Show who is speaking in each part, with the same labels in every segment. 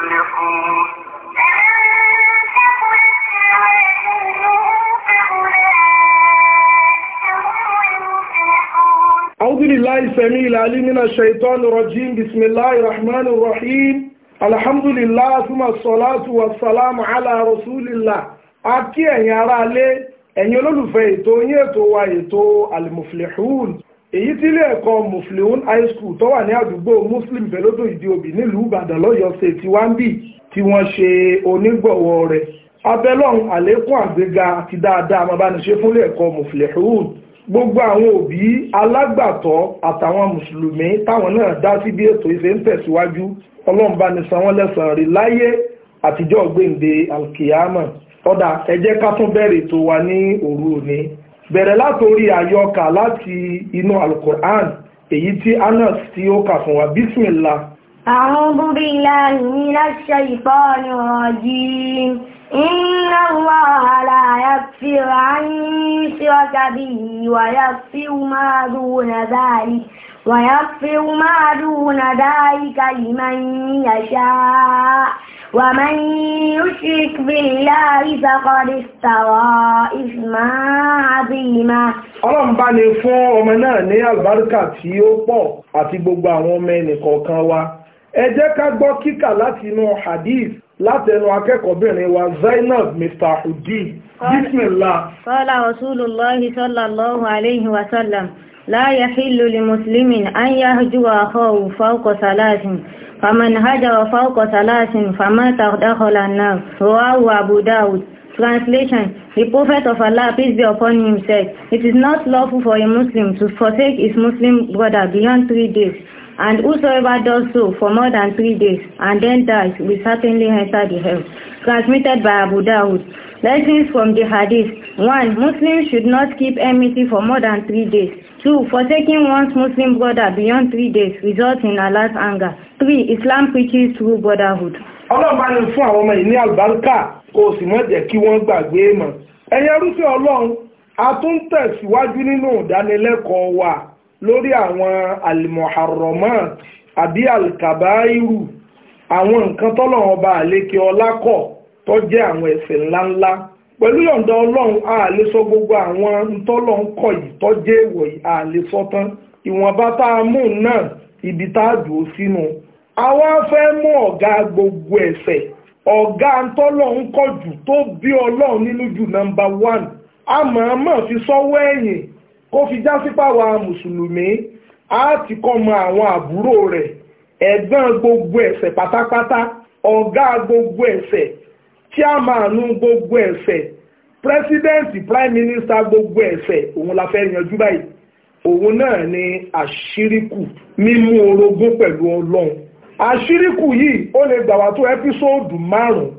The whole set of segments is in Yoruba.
Speaker 1: مفلحون أعوذ بالله السميع العليم من الشيطان الرجيم بسم الله الرحمن الرحيم الحمد لله ثم الصلاة والسلام على رسول الله a kí ẹ̀yin ará ilé ẹ̀yin olólùfẹ́ ètò yín ètò wa ètò Al-Muflihun èyí tí ilé ẹ̀kọ́ mufleon high school tó wà ní àdúgbò muslim belodo ìdíobì nílùú ìbàdàn lọ́yọ̀ọ́ ṣe ti wá ń bì tí wọ́n ṣe onígbọ̀wọ́ rẹ̀ abẹ́lọ́run àlékún àgbéga àti dáadáa máa bá ní ṣe fúnlé ẹ̀kọ́ mufleon gbogbo àwọn òbí alágbàtọ́ àtàwọn mùsùlùmí táwọn náà dá sí bí ètò ìṣe ń tẹ̀síwájú ọlọ́run bá ní san wọ́n rí láyé àtijọ́ gbèǹde alkiyama ọ̀dà ẹ ká tún bẹ̀rẹ̀ ètò wa ní òru òní bẹ̀rẹ̀ látòrí àyọkà láti inú alukur'an èyí tí anas tí ó kà fún wa bísmìlá. a'udhu inna Allaha la yaghfiru wa yaghfiru ma ويغفر ما دون ذلك لمن يشاء ومن يشرك بالله فقد استوى إثما عظيما ọlọ́run bá ní fún ọmọ náà ní àlùbáríkà tí ó pọ̀ àti gbogbo àwọn ọmọ ẹnìkọ̀ọ̀kan wa ẹ jẹ́ ká gbọ́ kíkà láti inú hadith látẹnu akẹ́kọ̀ọ́bìnrin wa Zainab Miftahuddin bismillah. Qala Rasulullahi sallallahu alayhi wa sallam la yahillu li muslimin an yahjuwa akhahu fawqa salasin faman hajara fawqa salasin famata dakhala an-nar rawahu Translation, the Prophet of Allah, peace be upon him, said, It is not lawful for a Muslim to forsake his Muslim brother beyond three days, And whosoever does so for more than three days and then dies will certainly enter the hell. Transmitted by Abu Dawood. Lessons from the Hadith. 1. Muslims should not keep enmity for more than three days. 2. Forsaking one's Muslim brother beyond three days results in Allah's anger. 3. Islam preaches true brotherhood. Ọlọ́ba ni fún àwọn ọmọ ìní àlùbáríkà kò sì mọ̀ jẹ́ kí wọ́n gbàgbé mọ̀. Ẹ̀yin arúfẹ́ Ọlọ́run, a tún tẹ̀síwájú nínú ìdánilẹ́kọ̀ọ́ wa. lórí àwọn alimoharomat àbí alkabairu àwọn nǹkan tọ́lọ́run bá àlékè ọlá kọ̀ tó jẹ́ àwọn ńláńlá pẹ̀lú yọ̀ǹda ọlọ́run a gbogbo àwọn ntọ́lọ́run kọ̀ yìí tó jẹ́ yìí sọ tán ìwọ̀nba tá a mú náà fẹ́ mú ọ̀gá gbogbo ẹ̀sẹ̀. ọ̀gá kó fi já sí pàwọ́ mùsùlùmí á ti kọ́ mọ àwọn àbúrò rẹ̀ ẹ̀gbọ́n gbogbo ẹ̀ṣẹ̀ pátápátá ọ̀gá gbogbo ẹ̀ṣẹ̀ chairmanu gbogbo ẹ̀ṣẹ̀ president prime minister gbogbo ẹ̀ṣẹ̀ òun la fẹ́ yanjú báyìí òun náà ni àṣíríkù mímú orogún pẹ̀lú ọlọ́run àṣíríkù yìí ó lè gbà wá tó ẹ́písòòdù márùn-ún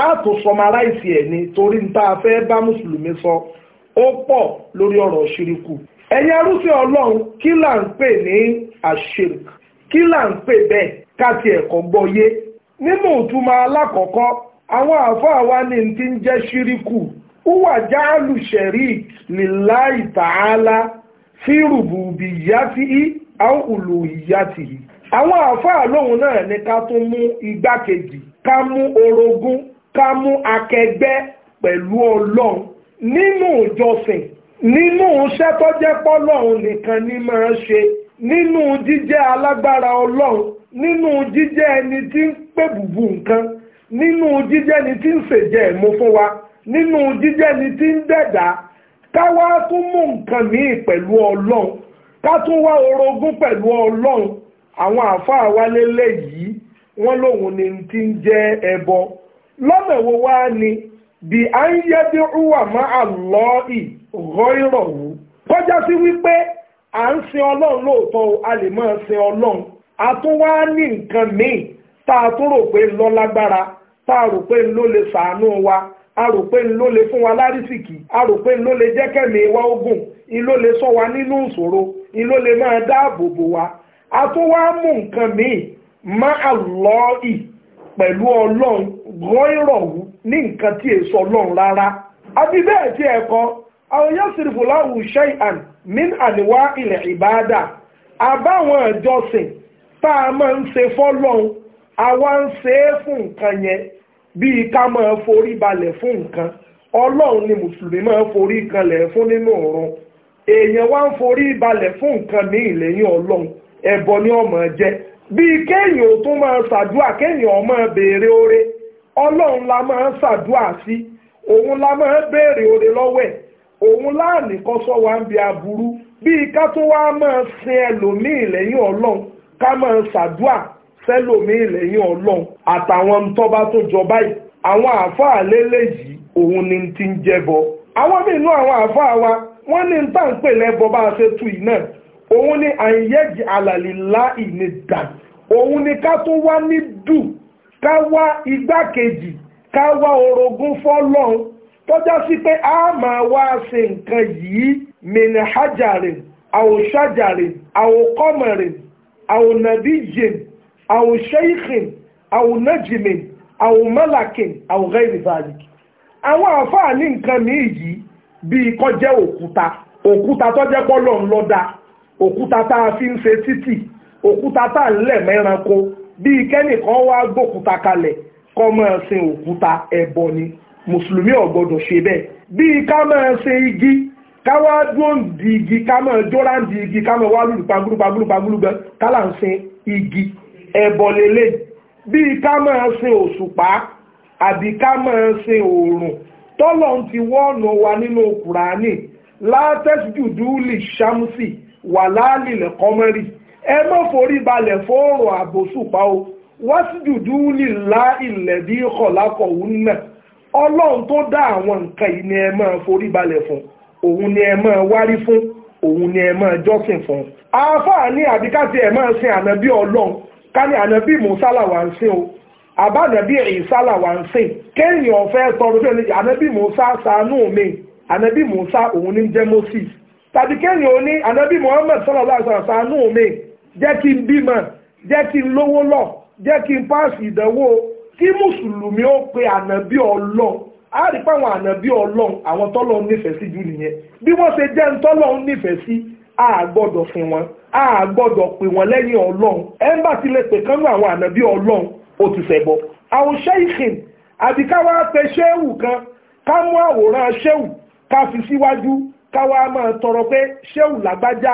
Speaker 1: a tó sọmaráìsì ẹ̀ ni torí n tá a fẹ́ bá mùsùlùmí sọ. So ó pọ̀ lórí ọ̀rọ̀ ṣíríkù ẹ̀yin arúfẹ́ ọlọ́run kí là ń pè ní àṣírk kí là ń pè bẹ́ẹ̀ káti ẹ̀kọ́ gbọ́yé nínú ìtumọ̀ alákọ̀ọ́kọ́ àwọn àáfàá wa ní ti ń jẹ́ ṣíríkù wúwà jáàlù sherik lillahi ta'ala fi rububiyyatihi aw uluhiyyatihi àwọn àáfàá lóhun náà ní ká tún mú igbákejì ká mú orogún ká mú akẹgbẹ́ pẹ̀lú ọlọ́run nínú ìjọsìn nínú iṣẹ́ tó jẹ́ pọ́lọ́run nìkan ni máa ń ṣe nínú jíjẹ́ alágbára ọlọ́run nínú jíjẹ́ ẹni tí ń pè bùbù nǹkan nínú jíjẹ́ ẹni tí ń ṣèjẹ́ ẹ̀mú fún wa nínú jíjẹ́ ẹni tí ń dẹ̀dá ká wá tún mú nǹkan míì pẹ̀lú ọlọ́run ká tún wá orogún pẹ̀lú ọlọ́run àwọn àáfàá wálé lẹ́yìí wọ́n lòun ni ti ń jẹ́ ẹbọ lọ́nà wo wá ni bí a ń yẹ́dí rúwà má a lọ ìrọ̀ ìrọ̀wù kọjá sí wípé à ń sin ọlọ́run lóòótọ́ a lè máa sin ọlọ́run a tún wá ní nǹkan míì tá a tún rò pé ń lọ lágbára tá a rò pé ń ló lè sàánú wa a rò pé ń ló lè fún ogun ń ló lè sọ wa nínú ìṣòro ń wa a tún wá mú nǹkan míì má wọ́n ìrọ̀wù ní nǹkan tí èso ọlọ́run rárá àbí ẹtí tí àwọn yóò sì min àníwá ilẹ̀ ìbáadà àbáwọn ìjọsìn tá a máa ń ṣe àwa ń ṣe é fún nǹkan yẹn bíi ká máa forí balẹ̀ fún ọlọ́run ni mùsùlùmí máa forí kanlẹ̀ fún nínú ọ̀run èèyàn wá ń balẹ̀ fún ní ìlẹ́yìn ọlọ́run ẹ̀bọ ni ọmọ jẹ bíi ọlọ́run la máa ń ṣàdúrà sí òun la máa ń béèrè oore lọ́wọ́ ẹ̀ òun láàánì kan sọ wá ń bi aburú bíi ká tó wá máa sin ẹlòmíì lẹ́yìn ọlọ́run ká máa ṣàdúrà sẹ́lòmíì lẹ́yìn ọlọ́run àtàwọn tọ́ba tó jọ báyìí àwọn àáfàá lélẹ̀ yìí òun ni ti ń jẹbọ àwọn míì nú àwọn àáfàá wa wọ́n ní tá à ń pè lẹ́bọ bá a ṣe tu yìí náà òun ni àyẹ̀jì alàlìlá ìnìdà òun ni ká tó wá ní dùn ká wá igbákejì ká wá orogún fọ́lọ́run tọ́já sí pé a máa wá ṣe nǹkan yìí mìnìhájàrin àwòṣájàrin àwòkọ́mọ̀rin àwònàbíjìn àwòṣẹ́ìkìn àwònájìmìn àwòmọ́làkìn àwòrẹ́ìrìbàlì àwọn àfáà ní nǹkan míì yìí bíi kọjẹ́ òkúta òkúta tọ́jẹ́ pọ́lọ́ ńlọ́dà òkúta tá a fi ń ṣe títì òkúta tá a ń lẹ̀ mẹ́ranko bíi kẹ́nìkan wá gbòkúta kalẹ̀ kọ́ máa sin òkúta ẹbọ ni mùsùlùmí ò gbọ́dọ̀ ṣe bẹ́ẹ̀ bíi ká máa sin igi ká wá dúró di igi ká máa jóra di igi ká máa wá lùlù pagúrú pagúrú pagúrú gan ká là ń sin igi ẹbọ lélẹ̀ bíi ká máa sin òṣùpá àbí ká máa sin òòrùn tọ́lọ̀ ń ti wọ́ọ̀nù wa nínú Kùránì látẹ́sídùdú lè ṣàmùsì wà láàlì lẹ́kọ́mẹ́rì ẹ má forí balẹ̀ fóòrò àbòsùpá o wá sí dùdú nílá ilẹ̀ bí kọ̀lákọ̀ òun náà ọlọ́run tó dá àwọn nǹkan yìí ni ẹ máa forí balẹ̀ fún òun ni ẹ máa wárí fún òun ni ẹ máa jọ́sìn fún àáfàá ní àbíkátì ẹ máa sin ànábì ọlọ́run ká ní ànábì mùsálà wà ń sin o àbánàbí ìsálà wà ń sìn kéèyàn ọ̀fẹ́ tọrọ fẹ́ ní ànábì Mùsá ṣàánú mi ànábì Mùsá òun ní jẹ́ Moses tàbí kéèyàn ó ní ànábì Muhammad sallallahu alaihi mi jẹ́ kí n bímọ jẹ́ kí n lówó lọ jẹ́ kí n páàsì ìdánwò kí mùsùlùmí ó pe ànábì ọlọ́run á rí páwọn ànábì ọlọ́run àwọn tọ́lọ́run nífẹ̀ẹ́ sí jù nìyẹn bí wọ́n ṣe jẹ́ ń tọ́lọ́run nífẹ̀ẹ́ sí a gbọ́dọ̀ fún wọn a gbọ́dọ̀ pè wọ́n lẹ́yìn ọlọ́run ẹ̀ńbà ti lè pè kánú àwọn ànábì ọlọ́run ó ti ṣẹbọ. àwọn ṣẹ́ìkìn àbí káwá pe ṣéwù kan ká mú àwòrán ṣéwù ká fi síwájú káwá máa tọrọ pé ṣéwù làgbájá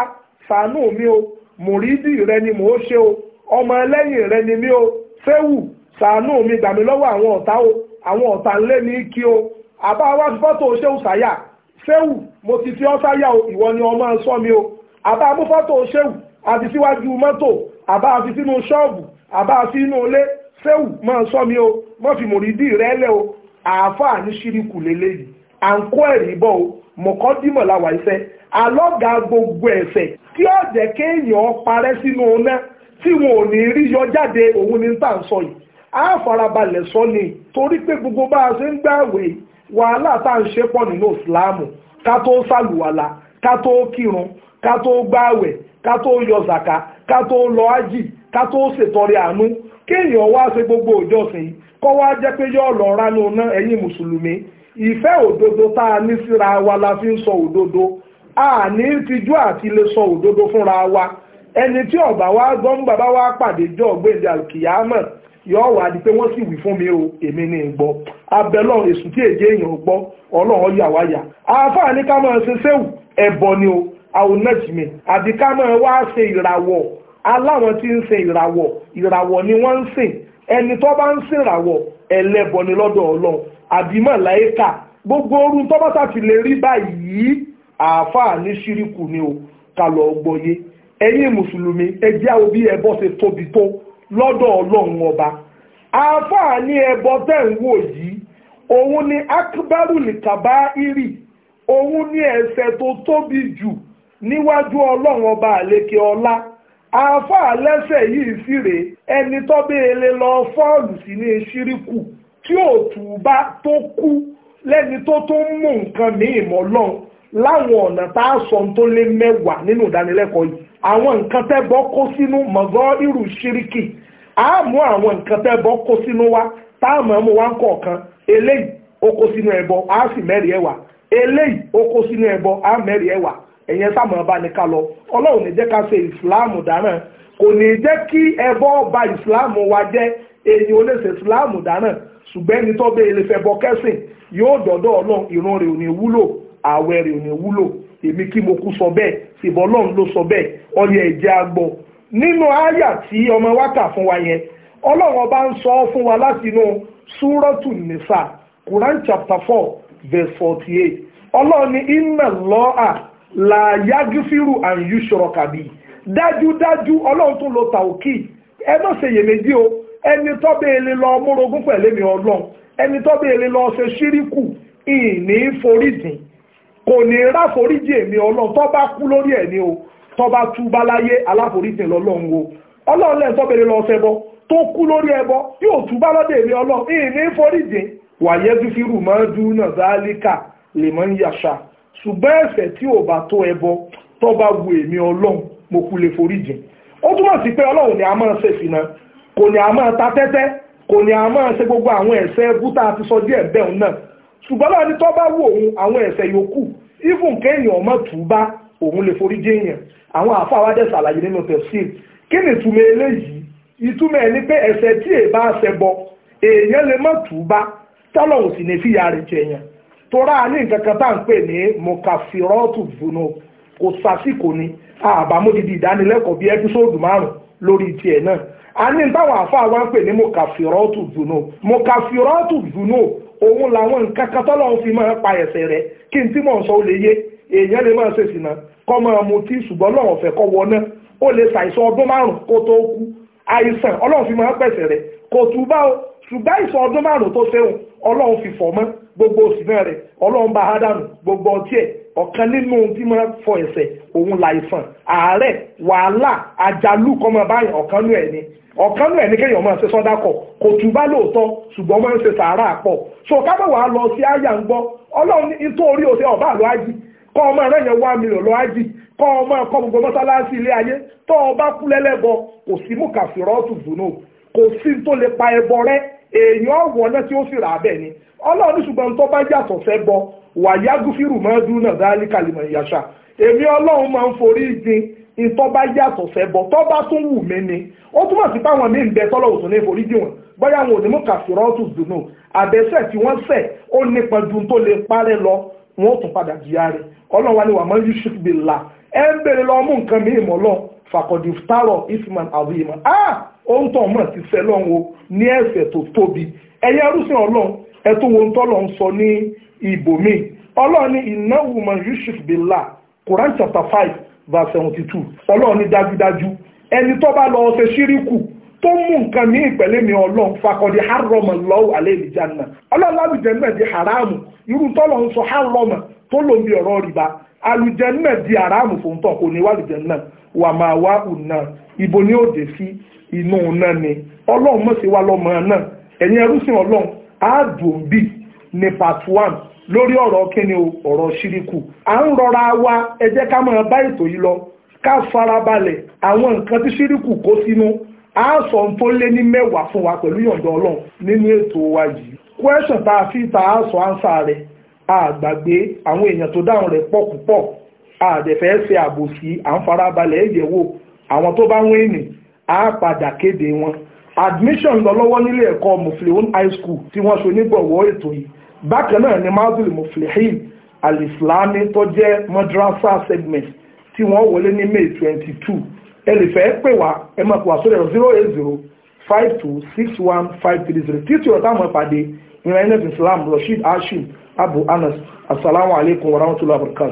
Speaker 1: fàánù mi o mùrídì rẹ ni mò ń ṣe o ọmọ ẹlẹ́yìn rẹ ni mí o fẹ́wù sàánú mi gbà mí lọ́wọ́ àwọn ọ̀tá o àwọn ọ̀tá ńlẹ́ ní kí o àbá wá fọ́tò ṣéwù sáyà fẹ́wù mo ti fi ọ́ sáyà o ìwọ ni ọmọ ń sọ mi o àbá mú fọ́tò ṣéwù àti síwájú mọ́tò àbá fi sínú ṣọ́ọ̀bù àbá fi inú ilé fẹ́wù máa ń sọ mi o mọ́ fi mùrídì rẹ lẹ́ o àáfàá ní ṣíríkù lélẹ́yìí à ń kó ẹ̀rí bọ́ o mọ̀kọ́dímọ̀ làwà iṣẹ́ alọ́gà gbogbo ẹ̀ṣẹ̀ tí ó jẹ́ kéèyàn parẹ́ sínú ọ̀nà tí wọn ò ní rí yọ jáde òun ní tà ń sọ yìí á farabalẹ̀ sọ ni torí pé gbogbo bá a ṣe ń gbààwẹ̀ wàhálà tá à ń ṣe pọ̀ nínú ìsìláàmù ká tó sàlùwàlà ká tó kírun ká tó gbààwẹ̀ ká tó yọ zàkà ká tó lọ ájì ká tó ṣètọrẹ àánú kéèyàn wá ṣe gbogbo ìjọsìn kọ́ wá jẹ́ pé yóò lọ ránú ná ẹ̀yin mùsùlùmí ìfẹ́ òdodo tá a ní síra wa la fi ń sọ a ní tijú àti ododo sọ òdodo fúnra wa ẹni tí ọ̀bà wa gbọ́n bàbá wa pàdé jọ ọ̀gbẹ́ndì alkiyama di pé wọ́n sì wí fún mi o èmi ní gbọ́ abẹ́lọ́ èsù tí èjì èèyàn gbọ́ ọlọ́run yà wá yà àáfàá ní ká máa ṣe ni o àwònẹ́jìmẹ̀ àbí ká máa wá ṣe ìràwọ̀ aláwọn tí ń ṣe ìràwọ̀ ìràwọ̀ ni wọ́n ń sìn ẹni tó bá ń sìn ìràwọ̀ àbí màláíkà gbogbo orun tó bá ti lè rí báyìí àáfàá ní ṣíríkù ni o ká lọ gbọ́yé ẹ̀yin mùsùlùmí ẹ jẹ́ àwọn bí ẹbọ ṣe tóbi tó lọ́dọ̀ ọlọ́run ọba àáfàá ní ẹbọ tẹ̀ ń wò yìí òun ni akbaru nìkàbá irì òun ni ẹ̀ṣẹ̀ tó tóbi jù níwájú ọlọ́run ọba àlékè ọlá àáfàá lẹ́ṣẹ̀ yìí sí rèé ẹni tó bẹ́ẹ̀ lè lọ fọ́ọ̀lù sí ní ṣíríkù tí tù bá tó kú lẹ́ni tó tó ń mú nǹkan míì mọ́ lọ́n láwọn ọ̀nà tá a sọ tó lé mẹ́wàá nínú ìdánilẹ́kọ̀ọ́ yìí àwọn nǹkan tẹ́ bọ́ kó sínú mọ̀gọ́ irú ṣíríkì á mú àwọn nǹkan tẹ́ bọ́ kó sínú a mọ̀ mú wa ń eléyìí ó kó sínú á sì mẹ́rìí ẹ̀wà eléyìí ó kó sínú á mẹ́rìí ẹ̀wà ẹ̀yẹn ọba wa jẹ́ èyí ṣùgbọ́n ẹni tó bẹ́ẹ̀ lè fẹ́ bọ́ kẹ́sìn yóò dọ̀dọ̀ ọlọ́run ìran rẹ̀ ò ní wúlò ààwẹ̀ rẹ̀ ò ní wúlò èmi kí mo kú sọ bẹ́ẹ̀ ṣèbọ̀ ọlọ́run ló sọ bẹ́ẹ̀ ọyẹ ẹ̀jẹ̀ agbọ̀ nínú àyà tí ọmọ wa kà fún wa yẹn ọlọ́run ọba ń sọ fún wa látinú súrọ́tù nìsà Quran chapter four verse forty eight ọlọ́run ní inna lọ́à làyágífìrù àyùṣọ̀rọ̀ kàbí dájúdájú ọlọ́run tó lo tàwùkì ẹ má ṣèyèméjì o ẹni tó béèlè lọ múrogún pẹ̀lẹ́mi ọlọ́run ẹni tó béèlè lọ ṣe ṣíríkù ìní foríjìn kò ní rá foríjì èmi ọlọ́run tó bá kú lórí ẹ̀ ni o tó bá tú báláyé aláforíjìn lọ́lọ́run o ọlọ́run lẹ́yìn tó béèlè lọ ṣẹbọ tó kú lórí ẹbọ yóò tú bálọ́dẹ̀ èmi ọlọ́run ìní foríjìn wàyẹ́ dúfírù máa dúró náà záálíkà lè máa ń yàṣà ṣùgbọ́n ẹ̀ṣẹ̀ tí ò bá tó ẹbọ tó bá wu èmi ọlọ́run mo kú lè foríjìn ó túmọ̀ sí pé ọlọ́run ni a máa ṣèṣìnà kò ní a máa ta tẹ́tẹ́ kò ní a máa ṣe gbogbo àwọn ẹ̀ṣẹ̀ búta àti sọ díẹ̀ bẹ́ẹ̀ náà ṣùgbọ́n láti tọ́ bá wò òun àwọn ẹ̀ṣẹ̀ yòókù even kéèyàn ọmọ tùúbá òun lè forí jẹ́ èèyàn àwọn àfáwá dẹ̀ ṣàlàyé nínú tẹ̀sí kí ni ìtumọ̀ eléyìí ìtumọ̀ ẹ̀ ni pé ẹ̀ṣẹ̀ tí èèbá ṣẹ bọ èèyàn lè má tùúbá tọ́lọ̀hùn sì ní fìyà rẹ̀ jẹ̀yàn torá ní nǹkan kan tá à ń pè ní mọ̀kàfírọ́ọ̀tù dùnú kò sásìkò ni àbámọ́dìdì ìdánilẹ́kọ̀ọ́ bíi ẹpísọ́ọ̀dù márùn-ún lórí tiẹ̀ náà a ní táwọn àáfàá wa ń pè ní mokafirọ́tù zuno mokafirọ́tù zuno òun làwọn nǹkan fi máa pa ẹ̀ṣẹ̀ rẹ̀ kí n tí mò ń sọ ó lè yé èèyàn lè máa ṣèṣì náà kọ́ máa mutí ṣùgbọ́n lọ́wọ́ fẹ́ kọ́ wọ náà ó lè ṣàìsàn ọdún márùn kó tó kú àìsàn ọlọ́run fi máa pẹ̀sẹ̀ kò tún bá o ṣùgbọ́n àìsàn ọdún márùn gbogbo òsì ọ̀kan nínú tí máa fọ ẹ̀sẹ̀ òun làìsàn àárẹ̀ wàhálà àjálù kọ́ máa báyìí ọ̀kan nú ẹ̀ ni ọ̀kan nú ẹ̀ ní kéèyàn máa ṣe sọ́dá kọ̀ kò tún bá lóòótọ́ ṣùgbọ́n máa ń ṣe sàárà pọ̀ so kábọ̀ wàá lọ sí àyà ń gbọ́ ọlọ́run nítorí òṣè ọ̀bá àlọ́ ájì kọ́ ọmọ rẹ̀ yẹn wá mílíọ̀n lọ ájì kọ́ ọmọ ẹ̀kọ́ gbogbo mọ́sálásí ilé ayé tọ́ ọba kú lẹ́lẹ́bọ kò sí mú kàfìrọ́ọ̀tù dùnú kò sí tó lè pa ẹbọ rẹ èèyàn ọ̀wọ́ náà tí ó sì rà bẹ́ẹ̀ ni ọlọ́run ṣùgbọ́n tó bá yàtọ̀ fẹ́ bọ wàyà gúfìrù máa dún náà dáálí kàlìmọ̀ ìyàṣà èmi ọlọ́run máa ń forí jìn ìtọ́ bá yàtọ̀ fẹ́ bọ̀ tọ́ bá tún wù mí ni ó túmọ̀ sí páwọn míì ń bẹ tọ́lọ̀ òsùn ní ìforíjì wọn bóyá àwọn onímọ̀ kàfìrọ́ọ̀tù dùnú àbẹ̀sẹ̀ tí wọ́n ṣẹ̀ ó nípa ju tó lè parẹ́ lọ wọn ó tún padà jìyà rẹ̀ ọlọ́run wa ni wà máa yusuf bí la ẹ ń bèrè lọ mú nǹkan mi ìmọ̀ lọ fàkọ̀dì tààrọ̀ isman abiyima ah ohun tó mọ̀ ti fẹ́ lọ́wọ́ ní ẹ̀ṣẹ̀ tó tóbi ẹ̀yẹ ẹrúsìn ọlọ́run ẹ tó wo tọ́lọ́ ń sọ ní ibomi ọlọ́ọ̀ni ìnáwó man yushif billah Quran chapter five verse seventy ọlọ́ọ̀ni dájúdájú ẹni tó bá lọ ṣíríkù tó mú nǹkan ní ìpẹ̀lẹ́ mi ọlọ́run fakọ̀dé lọ́wọ́ alẹ́ ìjànà di haramu irú tọ́lọ̀ ń sọ harrama tó ọ̀rọ̀ rìbá di haramu fún tọ́ kò ní wà máa wá ni ó dé sí inú ọ̀nà ni ní part one lórí ọ̀rọ̀ kíni o ọ̀rọ̀ ṣíríkù à ń rọra wa ẹ jẹ́ ká máa bá ètò yìí lọ ká farabalẹ̀ àwọn nǹkan tí ṣíríkù kó sínú a sọ tó lé ní mẹ́wàá fún wa pẹ̀lú yọ̀ǹda ọlọ́run nínú ètò wa yìí question tá a fi ta a sọ ánsà rẹ̀ àgbàgbé àwọn èèyàn tó dáhùn rẹ̀ pọ̀ púpọ̀ àdẹ̀fẹ́ ṣe àbòsí à ń farabalẹ̀ ẹ̀yẹ̀wò àwọn tó bá wọ́n ènì á padà kéde wọn admission lọ lọ́wọ́ nílé ẹ̀kọ́ mufleon high school tí wọ́n ṣe onígbọ̀wọ́ ètò yìí bákan náà ni mazul muflihin alislami tó jẹ́ madrasa segment tí wọ́n wọlé ní may twenty two ẹ lè fẹ́ pè wá ẹ máa pè wá sórí ẹ̀rọ zero eight zero five two six one five three zero títí ọ̀tá àwọn ìpàdé ìrìnàjò islam rasheed hashim abu anas asalaamualeykum warahmatulahi wabarakatuh.